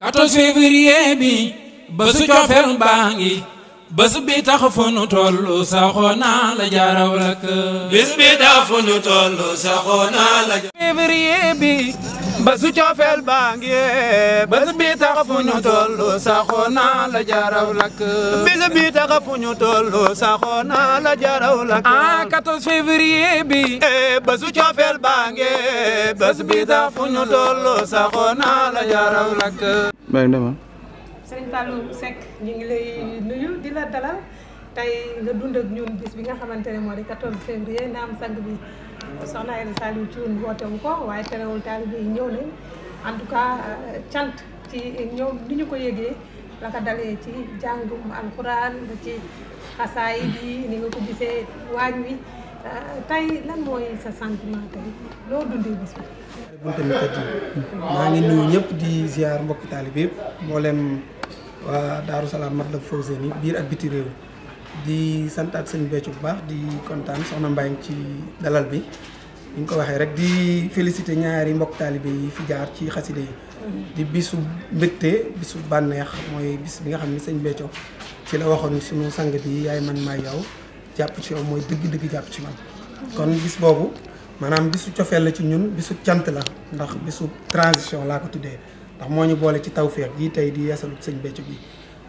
14 février bi bésu cofeel baa ngi bés bi tax fu tollu saxoo naa la jaaraw rek bés bi tax fu tollu saxoo naa la février bi bésu coofeel baa ngi bés bi tax fu ñu toll saxoo naa la jaaraw lakk. bés bi tax fu ñu toll saxoo naa la jaaraw lakk. ah février bi. bésu coofeel baa ngi bés bi tax fu ñu toll saxoo naa la jaaraw lakk. Ah? ñu ngi lay nuyu la dalal tey bi nga xamante ne moo di 14 février bi. soxna Aida Saliou Thioune woote wu ko waaye terewul taalibe yi ñëw en tout cas euh, cant ci ñoom ni ñu ko yëgee la ko dalee ci jàngum alxuraan ba ci xasaay bi ni nga ko gisee waañ wi euh, tey lan mooy sa sentiment tey loo dundee bis bi. maa ngi nuyu ñëpp di ziar mbokk taalibe yëpp mboolem waa Daaru Salaam Matlabul Fawzeyni biir ak biti réew. di santaat sëñ Béthio bu baax di kontaan soxna Mbaye ci dalal bi ni ñu ko waxee rek di félicité ñaari mbokk taalibe yi fi jaar ci xaside yi di bisu mbégte bisu bànneex mooy bis bi nga xam ne sëñ Béthio ci la waxoon sunu sang bi yaay man maay yow jàpp ci yow mooy dëgg-dëgg jàpp ci man kon bis boobu maanaam bisu cofeel la ci ñun bisu cant la ndax bisu transition laa ko tuddee ndax moo ñu boole ci tawféex gi tey di yeesalu sëñ Béthio bi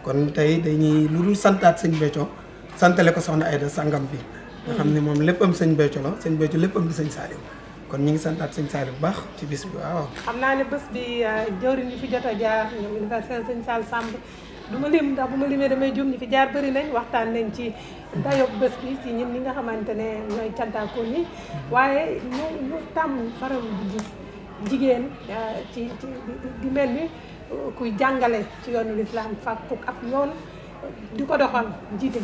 kon tey dañuy lu santaat sëñ Béthio santale ko soxna ayda sangam bi nga xamni mom leppam seigne sëñ la seigne Béthio leppam bi seigne salim kon ñi ngi santat seigne salim bu baax ci bis bi waaw xam naa ne bés bi euh, jëwriñ yi fi jotta a jaar ñoom universel sëñ Sall Samb du ma lim da buma limé damay jum ñi fi jaar bari nañ waxtaan nañ ci dayob bés bi ci ñin ñi nga xamantene ñoy tanta ko ni waye ñu ñu tam faram bu gis jigen euh, ci ci di melni kuy jangalé ci yoonu l'islam fàkkuk ak yoon diko doxal jité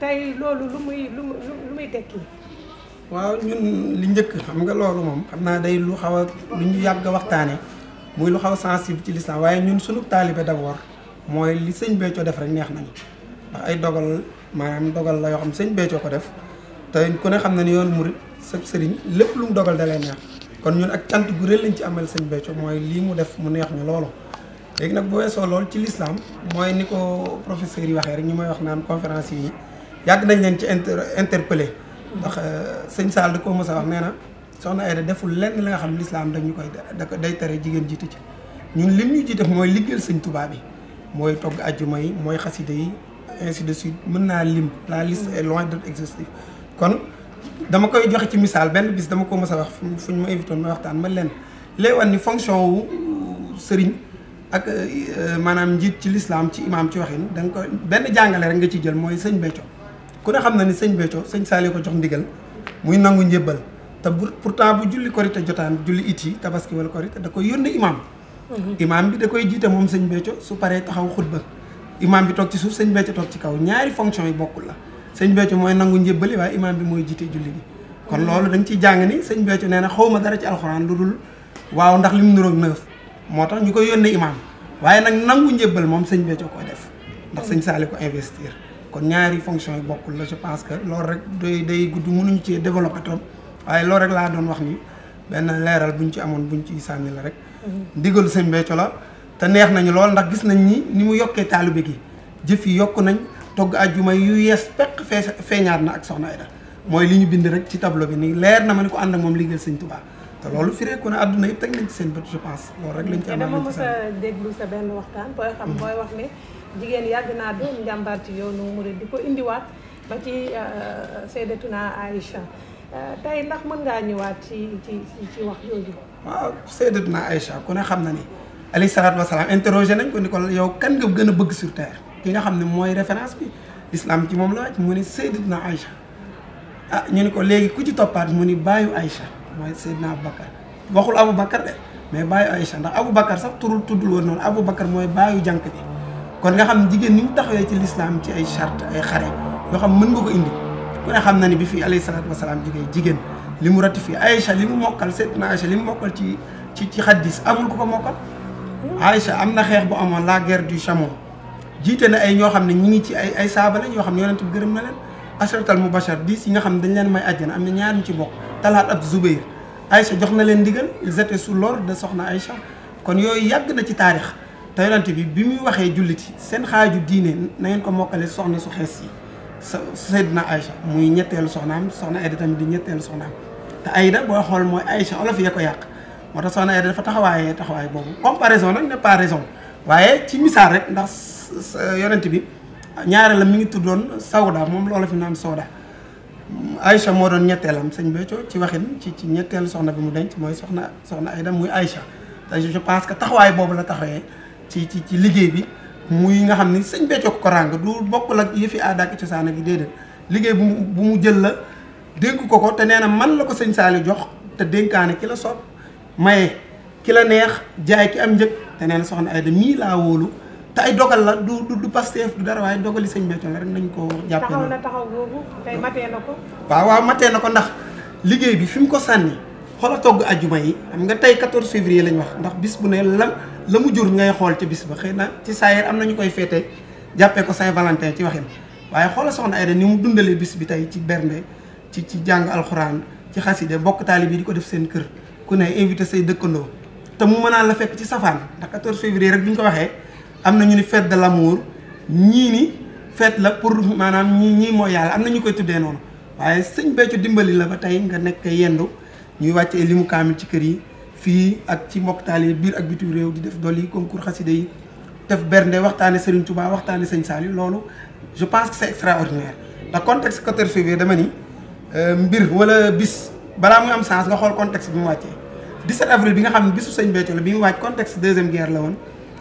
tey loolu lu muy lu lu muy tekki. waaw ñun li njëkk xam nga loolu moom xam naa dey lu xaw a lu ñu yàgg a waxtaanee muy lu xaw a sensible ci lislaam waaye ñun sunu taalibe d'abord mooy li sëñ Béthio def rek neex nañu ndax ay dogal maanaam dogal la yoo xam sëñ Béthio ko def te ku ne xam na ni yoon murit sëb sëriñ lépp lu mu dogal da lay neex kon ñun ak cant gu rëy lañ ci amal sëñ Béthio mooy lii mu def mu neex ñu loolu. léegi nag boo weesoo lool ci l'islam mooy ni ko professeur yi waxee rek ñu may wax naan conférence yi yàgg nañ leen ci inter interpellé ndax euh, sëñ Sall da koo mos a wax nee na soxna Aida deful lenn la nga xam l'islam dañu koy da ko day tere jigéen jiitu ci ñun lim ñu jiite mooy liggéeyal sëñ tubaab yi mooy togg ajjuma yi mooy xasida yi ainsi de suite mën naa lim la liste et loin de d'être exhaustive kon dama koy joxe ci misaal benn bis dama ko mos a wax fu ñu ma invité woon ma waxtaan leen lay wan ni fonction wu ak eh, manam njit ci l'islam ci imam ci waxine dang ko ben jangale rek nga ci jël moy seigne Béthio ku ne xamna ni seigne Béthio seigne Saliou ko jox ndigal muy nangu ñeebal ta pourtant bu julli korite jotan julli iti tabaski wala korite da ko yónni imam mhm. imam bi da koy jité mom seigne Béthio su paré taxaw khutba imam bi tok ci suuf seigne becho tok ci kaw ñaari fonction yi bokul la seigne moy nangu ñeebali imam bi moy jité julli bi kon mhm. lolu dang ci jang ni seigne becho neena xawma dara ci alcorane lu waaw ndax neuf moo tax ñu koy yónnee imaam waaye nag nangu njëbbal moom sëñ Béthio ko def ndax sëñ Saali ko investir kon ñaari fonction yi bokkul la je pense que loolu rek day day gudd mënuñu ci développé trop waaye lool rek laa doon wax ni benn leeral bu ñu ci amoon buñ ci sànni la rek mhm. ndigalu sëñ Béthio la te neex nañu lool ndax gis nañ ni ni mu yokkee taalibe gi jëf yi yokk nañ togg ajjuma yu yees peq feeñaat na ak soxna Aida mooy li ñu bind rek ci tableau bi leer na ma ni ko ànd ak moom liggéeyal sëñ Tuubaa te loolu firee ko ne àdduna yëpp teg nañ ci seen bët je pense loolu rek benn waxtaan booy xam mm-hmm. booy wax ne jigéen yàgg naa doon njàmbaar ci yoonu murid di ko indiwaat ba ci euh, Seydatuna Aïcha euh, tey ndax mën ngaa ñëwaat ci ci ci wax jooju waaw Seydatuna Aïcha ku ne xam na ni alayhi salaatu wasalaam nañ ko ni ko yow kan nga gën a bëgg sur ki nga xam ne mooy référence bi l'islam ci moom la wàcc mu ne Seydatuna Aïcha ah ñu ni ko léegi ku ci toppaat mu ni bàyyu Aïcha mooy Seydina Aboubacar waxul Aboubacar de mais bàyyi Aïcha ndax Aboubacar sax turul tuddul woon noonu Aboubacar mooy bàyyu jànk bi kon nga xam jigéen ni mu taxawee ci lislaam ci ay charte ay xare yoo xam mën nga ko indi ne xam na ni bi fi alayhi salaatu wasalaam jigéen jigéen li mu ratifié Aïcha li mu mokkal Seydina Aïcha li mu mokkal ci ci ci xaddis amul ku ko mokkal Aïcha am na xeex bu amoon la guerre du Chameau jiite na ay ñoo xam ne ñi ngi ci ay ay saaba lañ yoo xam ne yonent bi gërëm na leen asratal mubashar dix yi nga xam ne dañ leen may àjjana am na ñaar ñu ci bokk Talhat ak Zubair Aïcha jox na leen ndigal ils étaient sous l'ordre de Soxna Aïcha kon yooyu yàgg na ci taarix te yonante bi bi muy waxee julliti seen xaaju diine na ngeen ko mokkale soxna su xees yi sa na Aïcha muy ñetteelu am soxna Aïda tamit di ñetteelu soxnaam te Aïda boo xool mooy Aïcha olof ya ko yàq moo tax soxna Aïda dafa taxawaaye taxawaay boobu comparaison nag n'est pas raison waaye ci misaal rek ndax sa yonante bi ñaare la mi ngi tuddoon Sawda moom la olof naan Sawda Aïcha moo doon ñetteelam sëñ Béthio ci waxin ci ci ñetteelu soxna bi mu denc mooy soxna soxna Aïda muy Aïcha te je pense que taxawaay boobu la taxawee ci ci ci liggéey bi muy nga xam ni sëñ Béthio ko ràng du bokkul ak yëfi aada ak cosaan gi déedéet liggéey bu mu bu mu jël la dénk ko ko te nee man la ko sëñ Saliou jox te dénkaane ki la soob maye ki la neex jaay ki am njëg te nee soxna Aïda mii laa wóolu tay dogal la du du du Pastef du dara way dogali seigne Béthio rek nañ ko jappé taxaw na taxaw gogou tay maté nako ba wa maté nako ndax liggéey bi fim ko sanni xoola togg aljuma yi am nga tay 14 février lañ wax ndax bis bu ne lam lamu jur ngay xol ci bis ba xeyna na ci sayer am nañ koy fété jappé ko Saint Valentin ci waxin waye xoola soxna Aida ni mu dundalé bis bi tay ci berne ci ci jang alxuraan ci xaside mbokk taalibe yi def seen kër ku ne invité say dekkono te mu la fekk ci safane ndax 14 février rek buñ ko waxé amna ñu ni fête de l'amour ñi ni fête la pour manam ñi ñi mo yalla amna ñu koy tuddee non waye sëñ Béthio dimbali la ba tey nga nek yendu ñuy wàccee limu kamil ci kër yi fi ak ci mbokk taal biir ak bitu rew di def doli concours xaside yi def bernde waxtaane Serigne Touba waxtaane sëñ Saliou lolu je pense que c'est extraordinaire ndax contexte que tu dama ni euh, mbir wala bis balaa muy am sens nga xol contexte bi mu wàccee 17 avril bi nga xamni bisu sëñ Béthio la bi mu wàcc contexte deuxième guerre la won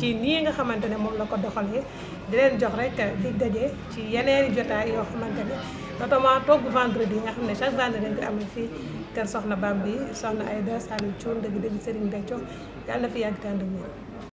ci nii nga xamante ne moom la ko doxal doxalee di leen jox rek dig daje ci yeneeni jotaay yoo xamante ne notamment togg vendredi nga xam ne chaque vendredi dañ koy amal fii kër Soxna Bambi Soxna Aïda Saliou Thioune dëgg dëgg Serigne Béthio yàlla na fi yàgg tànd